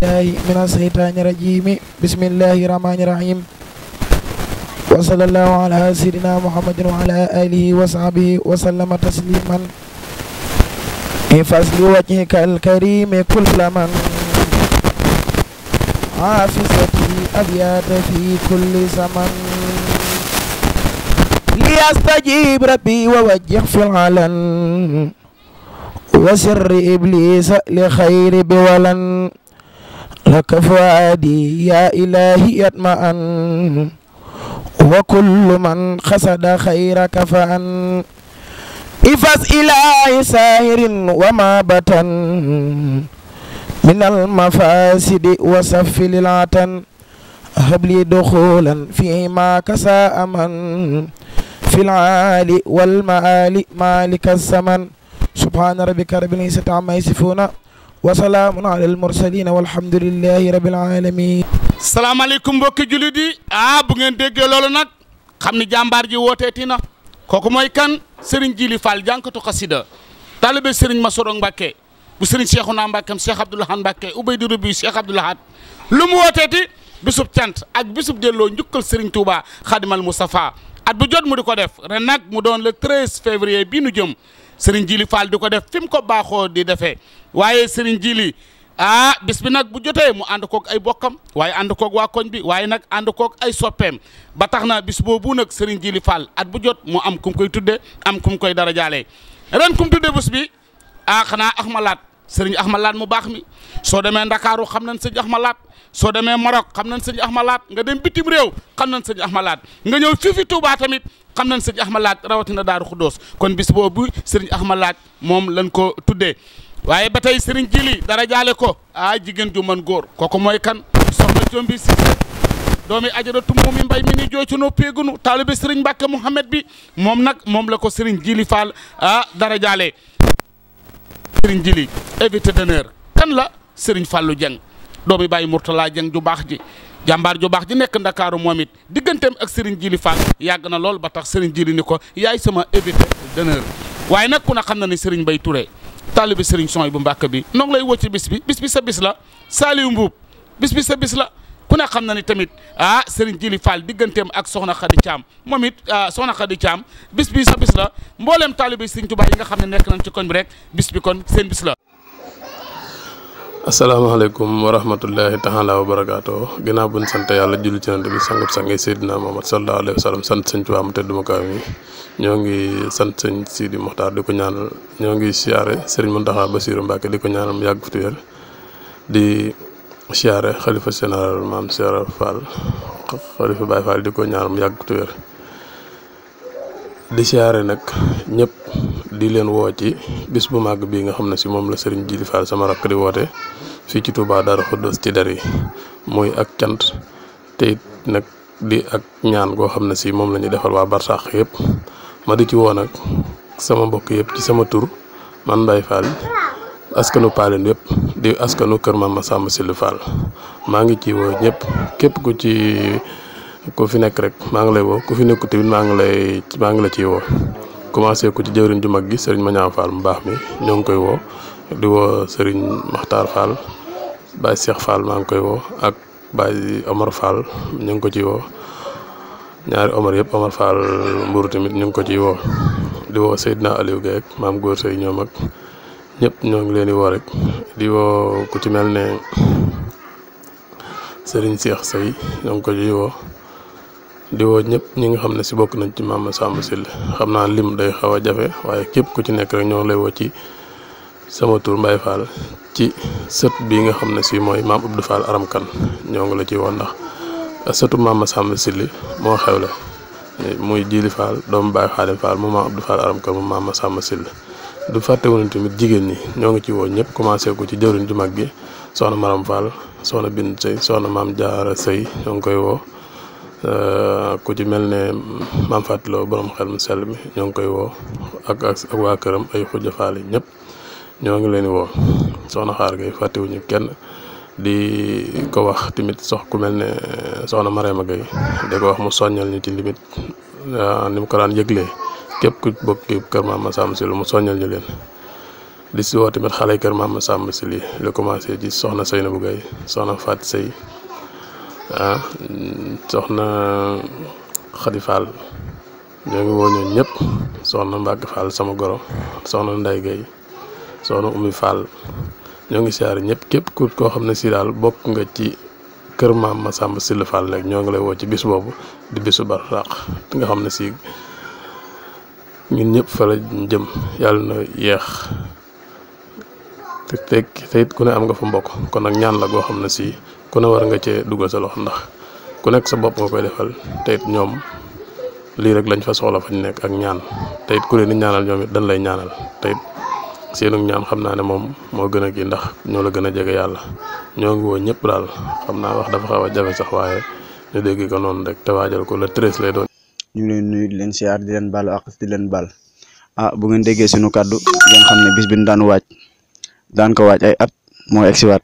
بالله من الشيطان الرجيم بسم الله الرحمن الرحيم وصلى الله على سيدنا محمد وعلى آله وصحبه وسلم تسليما فاصل وجهك الكريم كل من حافظتي أبيات في كل زمن ليستجيب ربي ووجه في العلن وسر إبليس لخير بولن لك فؤادي يا إلهي يطمئن وكل من قصد خيرك فأن إفس إلهي ساهر وما بطن من المفاسد وصف للعتن هب لي دخولا فيما كساء من في العالي والمعالي مالك الزمن سبحان ربك رب العزة عما يصفون wa salaamun ala al mursalin walhamdulillahi rabbil alamin salaamaaleykum mbokki jullit yi ah bu ngeen déggee loolu nag xam ni jàmbaar ji wooteeti na kooku mooy kan Serigne Jili Fall jànkatu xasida taalibe Serigne Masoro Mbacke bu Serigne Cheikhouna Mbacke Cheikh Abdoul Ahad Mbacke Ubaydu Rabbi Cheikh Abdoul Ahad lu mu wooteeti bisub cant ak bisub delloo njukkal Serigne Touba Xadimal Moustapha at bu jot mu di ko def ren nag mu doon le 13 février bii nu jëm sëriñ Jili Fall di ko def fi mu ko baaxoo di defee waaye sëriñ Jili ah bis bi nag bu jotee mu ànd koog ay bokkam waaye ànd kook waa koñ bi waaye nag ànd koog ay soppeem ba tax na bis boobu nag sëriñ Jili Fall at bu jot mu am kum koy tuddee am kum koy dara jaalee ren kum tuddee bés bi ah xanaa Axmalaat sëriñ Axmalaat mu baax mi soo demee Ndakaaru xam nañ sëriñ laat soo demee Maroc xam nañ sëriñ laat nga dem bitim réew xam nañ sëriñ Axmalaat nga ñëw fii fi tamit am nañ sëriñ Ahmad Laat rawatina Daaru Xuddoos kon bis boobu sëriñ Ahmad Laat moom lañ ko tuddee waaye ba tey sëriñ Jili dara jaale ko ah jigéen ju man góor kooku mooy kan soxna Jombi Cissé doomi ajaratu moomi mbay mi ni jooycunoo péegunu taalibe sëriñ Mbàkke Mouhamed bi moom nag moom la ko sëriñ Jili Fall ah dara jaale sëriñ Jili invité d'honneur kan la sëriñ Fallou Dieng doomi bàyyi Mourtala Dieng ju baax ji jàmbaar ju baax ji nekk ndakaaru moom it digganteem ak sëriñ Djili Fall yàgg na lool ba tax Serigne Djili ni ko yaay sama invité d'honneur waaye nag ku ne xam na ni Serigne Bay Touré taalibi Serigne Son bu mbàkk bi noo lay woo ci bis bi bis bi sa bis la Saliou Mbuub bis bi sa bis la ku ne xam na ni tamit ah Serigne Djili Fall digganteem ak Soxna Khady Thiam moom it ah, Soxna Khady Thiam bis bi sa bis la mbooleem taalibi Serigne yi nga xam ne nekk nañ ci koñ bi rek bis bi kon seen la asalaamaaleykum wa rahmatullahi taala wa barakaatu ginnaaw buñ sant yàlla julli ci nant bi sangub sangay Seydina Muhammad sallallahu alayhi wa sallam sant sëñ Tuubaa mu tedd mu kaw mi ñoo ngi sant sëñ Sidi di ko ñoo ngi siyaare Sëriñ Muntaxa Basiiru Mbàkke di ko ñaanal mu yàgg fi wér di siyaare xalifa général maam Seera Fall xalifa Baay Fall di ko ñaanal mu yàgg fi wér di siyaare nag ñëpp di leen woo ci bis bu màgg bii nga xam ne si moom la sëriñ Jili Fall sama rakk di woote fii ci Touba Darou Khoudoss ci dar yi muy ak cant te it nag di ak ñaan goo xam ne si moom la ñu defal waa barsax yëpp ma di ci woo nag sama mbokk yëpp ci sama tur man Mbaye Fall askanu Paalen yëpp di askanu kër Mama sàmm Sylla Fall maa ngi ci woo ñëpp képp ku ci ku fi nekk rek maa ngi lay woo ku fi nekku tamit maa ngi lay maa ngi la ciy woo commencé ko ci jëwriñ ju mag gi sëriñ Mañaam Fall mu baax mi ñoo ngi koy woo di woo sëriñ Makhtar Fall Baye Cheikh Fall maa ngi koy woo ak Baye Omar Fall ñu ngi ko ciy woo ñaari Omar yëpp Omar Fall tamit ñu ngi ko ciy woo di woo Seydina Aliou Gueye maam góor sëy ñoom ak ñëpp ñoo ngi leen di woo rek di woo ku ci mel ne sëriñ Cheikh sëy ñoo ngi ko ciy woo di woo ñëpp ñi nga xam ne si bokk nañ ci Mame Samba Syll xam naa lim day xaw a jafe waaye képp ku ci nekk rek ñoo ngi lay woo ci sama tur Mbaye Fall ci sët bi nga xam ne si mooy Mame Abdou Fall Aram Kan ñoo ngi la ci woo ndax sëtu Mame Samba Syll moo xewle muy Jili Fall doomu Baye Xaadim Fall mu Mame Abdou Fall Aram Kan mu Mame Samba du fàttewuñu tamit jigéen ñi ñoo ngi ci woo ñëpp commencé ko ci jëriñ ju mag gi soxna Maram Fall soxna Bind Sey soxna Maam Jaara sëy ñoo ngi koy woo Euh, ku ci mel ne maam fàttaloo borom xel mu sell mi ñoo ngi koy woo ak ak waa këram ay xujja faale ñëpp ñoo ngi leen di woo soxna xaar gay fàttewuñu kenn di ko wax tamit sox ku mel ne euh, soxna Marème Gueye di ko wax mu soññal ñu ci limit euh, ni mu ko daan yëglee képp ku bokk kër maam Massamba lu mu soññal ñu leen di si woo tamit xale yi kër maam Massamba si li commencé ci soxna na Seynabou Gueye soxna Fatou Seye ah soxna Khady Fall ñoo ngi woo ñooñu ñëpp soxna Mbacke Fall sama goro soxna Ndeye Gueye soxna Oumy Fall ñoo ngi si siyaare ñépp képp ku koo xam ne si daal bokk nga ci kër maam Massamba Sylla Fall nekk ñoo ngi lay woo ci bis boobu di bisu barsàq nga xam ne si ñun ñëpp fa la jëm yàlla na yeex te te te ku ne am nga fa mbokk kon nag ñaan la goo xam na si ku ne war nga cee dugal sa loxo ndax ku nekk sa bopp nga koy defal te ñoom lii rek lañ fa soxla fañ nekk ak ñaan te ku leen di ñaanal ñoom it dañ lay ñaanal te it seenu ñaan xam naa ne moom moo gën a kii ndax ñoo la gën a jege yàlla ñoo ngi woo ñëpp daal xam naa wax dafa xaw a jafe sax waaye ñu dégg ko noonu rek te waajal ko la treize lay doon. ñu ngi leen nuyu di leen siyaar di leen baal ak di leen baal ah bu ngeen déggee suñu kàddu ngeen xam daan waaj daan ko waaj ay at moo egsiwaat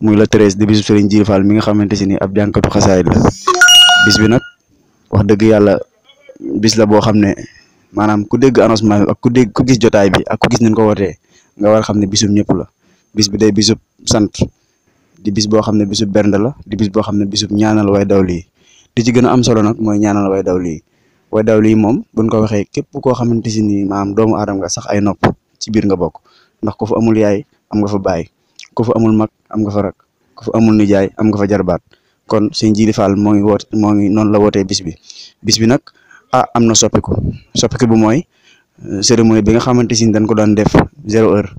muy la 13 di bisu Serigne Djily Fall mi nga xamanteni ni ab jankatu xasaayit la bis bi nak wax deug yalla bis la bo xamne manam ku dégg annoncement ak ku dégg ku gis jotay bi ak ku gis ko nga war xamne bisum la bis bi day bisub sante di bis bo xamne bisu bisub bernde la di bis bo xamne bisu bisub ñaanal way dawli di ci gëna am solo nak moy ñaanal way dawli way dawli mom buñ ko waxe kep ko xamanteni si ni maanaam doomu adam nga sax ay nopp ci bir nga bok ndax ko fa amul yaay am nga fa baye ku amul mag am nga fa rak ku fa amul nijaay am nga fa jarbaat kon sëñ Jili Fall moo ngi woote moo ngi noonu la wootee bis bi bis bi nag ah am na soppiku soppiku bi mooy euh, cérémonie bi nga xamante si dañ ko doon def zéro heure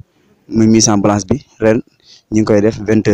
muy mise en place bi ren ñu ngi koy def vingt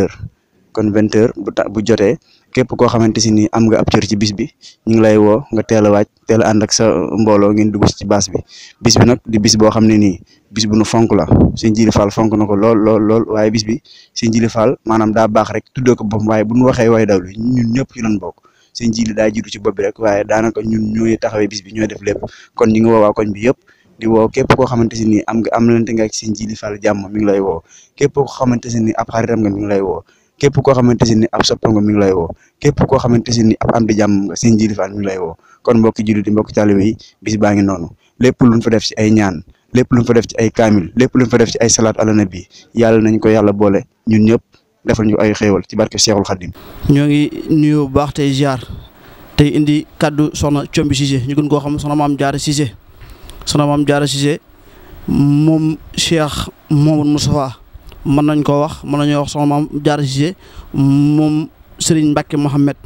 kon 20h bu ta bu jotee képp ko xamanteni ni am nga ab ciir ci bis bi ñu ngi lay wo nga teel a waaj teel a ak sa mbolo ngeen dugg ci baas bi bis bi nak di bis bo xamné ni bis bu nu fonk la señ Jili Fall fonk nako ko lol lol waye bis bi señ Jili Fall manam da bax rek tuddo ko bop waye bu nu waxé way daw ñun ñepp ñu lan bok señ Jili da jitu ci bop bi rek waaye daanaka ñun ñoy taxawé bis bi ñoy def lepp kon ñi ngi woo koñ bi yépp di wo képp ko xamanteni ni am nga am lante nga ak señ Jili Fall jamm mi ngi lay wo képp ko xamanteni ni ab xaritam nga mi ngi lay wo képp koo xamante si ni ab soppam nga mi ngi lay woo képp koo xamante si ni ab am di jàmm nga seen Djily Fall lay woo kon mbokki jullit yi mbokki taalibe yi bis baa ngi noonu lépp luñ fa def ci ay ñaan lépp luñ fa def ci ay kaamil lépp luñ fa def ci ay salaat ala nabi yàlla nañ ko yàlla boole ñun ñëpp defal ñu ay xéewal ci barke Seexul Xaddim ñoo ngi nuyu bu baax tey ziar tey indi kaddu soxna Combi Cissé ñu gën koo xam soxna maam Jaara Cissé soxna maam Jaara Cissé moom Cheikh Mouhamadou Moustapha mën nañ koo wax mën nañoo wax soxna maam jaar Cissé moom Serigne Mbacke Mohamed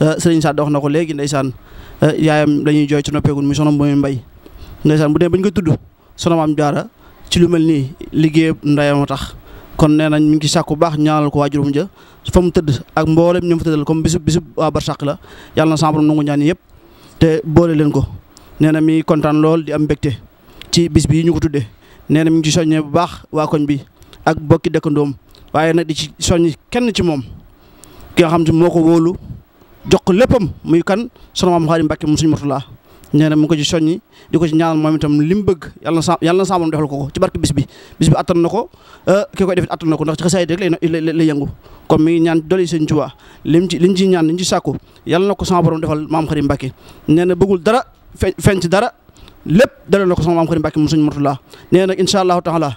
euh, Serigne Sadd wax na ko léegi ndeysaan euh, yaayam dañuy jooy ci noppeegul muy soxna mooy mbay ndeysaan bu dee bañ ko tudd soxna maam jaara ci lu mel nii liggéeyam ndeyam a tax kon nee nañ mi ngi ci sàkku bu baax ñaanal ko waajurum ja fa mu tëdd ak mboolem ñu fa tëddal comme bisub bisub waa barsàq la yàlla na sàmm nangu ñaan yëpp te boole leen ko nee na mi kontaan lool di am mbégte ci bis bii ñu ko tuddee nee na mi ngi ci soññee bu baax waa koñ bi ak bokki ndom waye nak di ci soññ kenn ci mom ki nga xam ci moko wolu jox ko muy kan sunu mam Xaadim Mbàkke mu suñu Murtala nee mu ko ci soñi di ko ci ñaanal moom itam lim bëgg yalla sa yàlla sa moom defal ko ci barki bis bi bis bi atal nako euh ki koy def atal nako ndax ci xasaay rek lay lay yëngu comme mi ngi ñaan dolli seen Tuubaa lim ci liñ ci ñaan liñ ci sàkku yalla nako ko sama borom defal mam Xaadim Mbàkke neena bëggul dara fenc dara lepp dala nako sama maam Xaadim Mbàkke mu suñu Murtala nee taala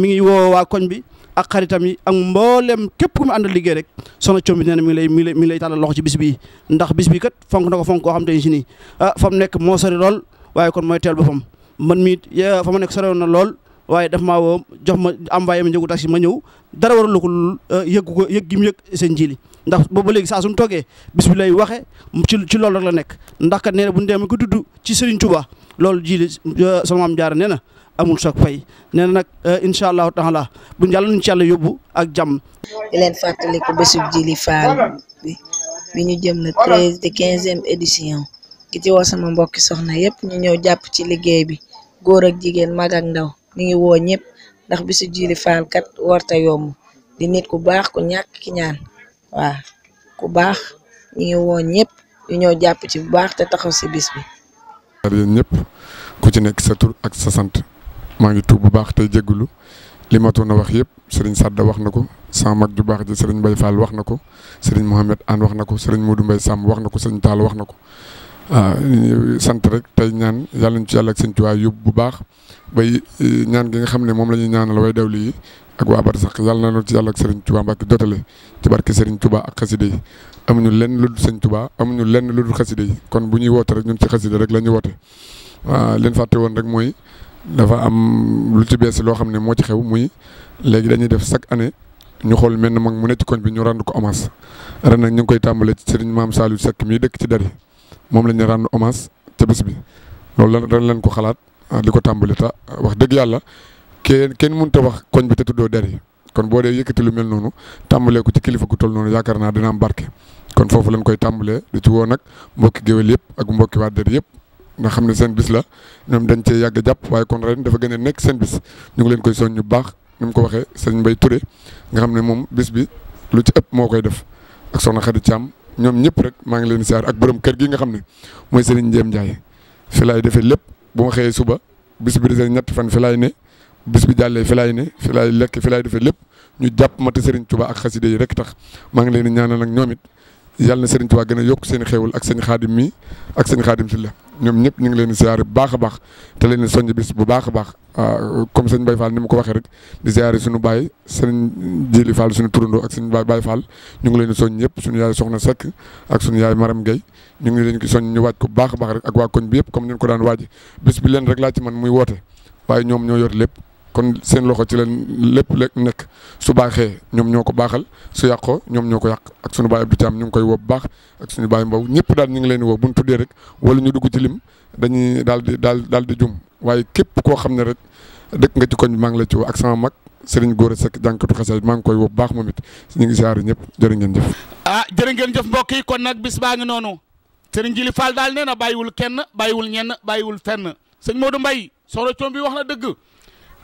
mi ngi wo wa koñ bi ak xaritam yi ak mbollem kep ku mu andal liggéey rek sona ciom bi neena na mi ngi lay mi ngi lay mi ngi ci bis bi ndax bis bi kat fonk nako fonk ko xam te ne si ah fam nek mo sori lol waye kon tel bu fam man mi fa ma nekk soriwoon na lol waye daf ma wo jox ma envoyé ma njëgu taxi ma ñew dara lu ko ah, yegg ko yegg gi mu yëg seen jiili ndax booba léegi saa suñu toogee bis bi lay waxe ci ci lol rek la nek ndax kat nee na bu ndem ko tuddu ci Serigne Touba lol jili ah, sama am jaar neena na amul sax fay nee na nag euh, incha allahu taala bu njàll ñu ci yàlla yóbbu ak jàmm. di leen fàttali ko bésub Djily bi ñu jëm le treize de quinzième édition ki ci woo sama mbokki soxna yëpp ñu ñëw jàpp ci liggéey bi góor ak jigéen mag ak ndaw mi ngi woo ñëpp ndax bésu Djily Fall kat warta yomb di nit ku baax ku ñàkk ki ñaan waa ku baax ñu ngi woo ñëpp ñu ñëw jàpp ci bu baax te taxaw si bis bi. yéen ku ci nekk sa tur ak sa sant. maa ngi tuub bu baax tey jégalu li ma a wax yëpp sëriñ Sadda wax na ko sama mag ju baax ji sëriñ Mbaye Fall wax na ko sëriñ Mohamed Anne wax na ko sëriñ Modou mbay Samb wax na ko sëriñ Tall wax na ko. waaw ah, sant rek tey ñaan yàlla ñu ci yàlla ak sëñ Tuubaa yóbbu bu baax bay eh, ñaan gi nga xam ne moom la ñuy ñaanal way dawli yi ak waa Barsax yàlla na ci yàlla ak sëriñ Tuubaa Mbàkke jotale ci barke sëriñ Tuubaa ak xaside yi amuñu lenn lu dul sëñ Tuubaa amuñu lenn lu dul xaside yi kon bu ñuy woote rek ñun ci xaside rek la ñuy woote waaw ah, leen fàtte woon rek dafa am lu ci bees loo xam ne moo ci xew muy léegi dañuy def chaque année ñu xool mel ne mag mu nekk ci koñ bi ñu rendre ko hommage ren nag ñu ngi koy tàmbale ci sëriñ maam Saliou Seck mii dëkk ci dari moom la ñuy rendre hommage ca bés bi loolu lan ren leen ko xalaat ah, di ko tàmbali ta ah, wax dëgg yàlla kenn kenn mënut a wax koñ bi te tuddoo dari kon boo dee yëkkati lu mel noonu tàmbalee ci kilifa ku toll noonu yaakaar naa dina am barke kon foofu lañ koy tàmbalee di ci woo nag mbokki géwél yëpp ak mbokki yëpp. nga xam ne seen bis la ñoom dañ cee yàgg jàpp waaye kon ren dafa gën a nekk seen bis ñu ngi leen koy soñ ñu baax ni mu ko waxee sëñ Mbaye ture nga xam ne moom bis bi lu ci ëpp moo koy def ak soxna Khady Thiam ñoom ñëpp rek maa ngi leen siyaar ak borom kër gi nga xam ne mooy Serigne Ndiém Ndiaye fi laay defee lépp bu ma xëyee suba bis bi desee ñett fan fi ne bis bi jàllee fi laay ne fi laay lekk fi laay defee lépp ñu jàpp mati Serigne Touba ak xaside yi rek tax maa ngi leen di ñaanal ak ñoomit yàlla na Serigne Touba gën a yokk seen xéewal ak seen xaadim mi ak seen xaadim si la ñoom ñëpp ñu ngi leen di ziare bu baax a baax te leen di soññ bis bu baax a baax ah, comme sëñ Baye Fall ni mu waxee rek di ziare suñu baay sëñ Jili faal suñu turandoo ak suñu Baye Fall ñu ngi leen di soññ ñëpp suñu yaay Soxna Seck ak suñu yaay Maram Gueye ñu ngi leen di soññ ñu waaj ko bu baax a baax rek ak waa koñ bi yëpp comme neen ko daan waaji bis bi leen rek laa ci man muy woote waaye ñoom ñoo yor lépp kon seen loxo ci leen lépp lépp nekk su baaxee ñoom ñoo ko baaxal su yàqoo ñoom ñoo ko yàq ak suñu baay Abdou Thiam ñu ngi koy woo bu baax ak suñu baay Mbow ñëpp daal ñu ngi leen di woo bu ñu tuddee rek wala ñu dugg ci lim dañuy daal di daal daal di jum waaye képp koo xam ne rek dëkk nga ci koñ bi maa la ci woo ak sama mag Serigne Gora sekk jànkatu xasaay maa ngi koy woo bu baax moom it ñu ngi siyaare ñëpp jërë ngeen jëf. ah jërë ngeen jëf mbokk yi kon nag bis baa ngi noonu Serigne Jili Fall daal nee na bàyyiwul kenn bàyyiwul ñenn bàyyiwul fenn sëñ Modou Mbaye soro coom bi wax na dëgg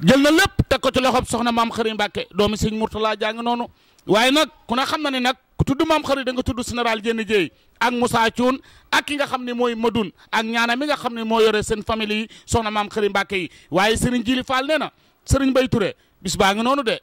jël na lépp teg ko ci loxob soxna maam xëri Mbàkke doomi sëñ Mourtala jàng noonu waaye nag ku na xam na ne nag ku tudd maam xëri da nga tudd général Diène Dieye ak Moussa Thioune ak ki nga xam ne mooy Madoun ak ñaana mi nga xam ne moo yore seen famille yi soxna maam xëri Mbàkke yi waaye Serigne Jili Fall nee na Serigne Bay re bis baa ngi noonu de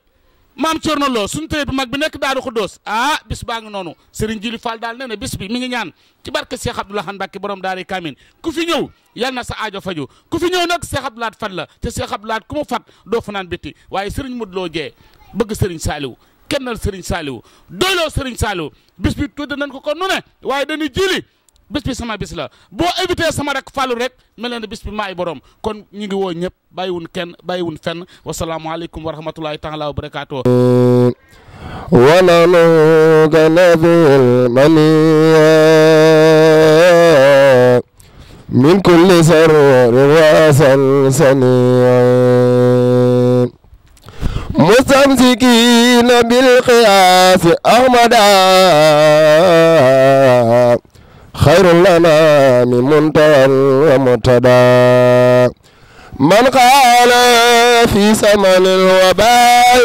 maam Thierno na loo tëye bu mag bi nekk Daaru Xuddoos ah bis baa ngi noonu Serigne Jili Fall daal nee na bis bi mi ngi ñaan ci barke Cheikh Abdou Lahad Mbacké borom daari Kamin ku fi ñëw yal na sa aajo faju ku fi ñëw nag Cheikh Abdou Lahad fat la te Cheikh Abdou Lahad ku mu fat doo fanaan bitti waaye Serigne Modou Lo Dieng bëgg Serigne Saliou kennal Serigne Saliou doyloo Serigne Saliou bis bi tudd nañ ko kon nu ne waaye dañuy jili bés bi sama bés la boo éviter sama rek fàllu rek mel na maay borom kon ñu ngi woo ñëpp bàyyiwun kenn bàyyiwun fenn wasalaamaaleykum wa rahmatulahi wa barakaatu ونحن كنبي المنيع من كل سرور راسا سنيع خير لنا من منتهى ومتبى من قال في سمن الوباء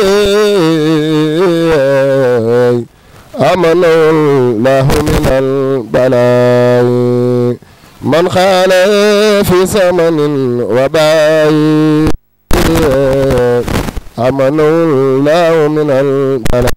أمن الله من البلاء من قال في سمن الوباء أمن الله من البلاء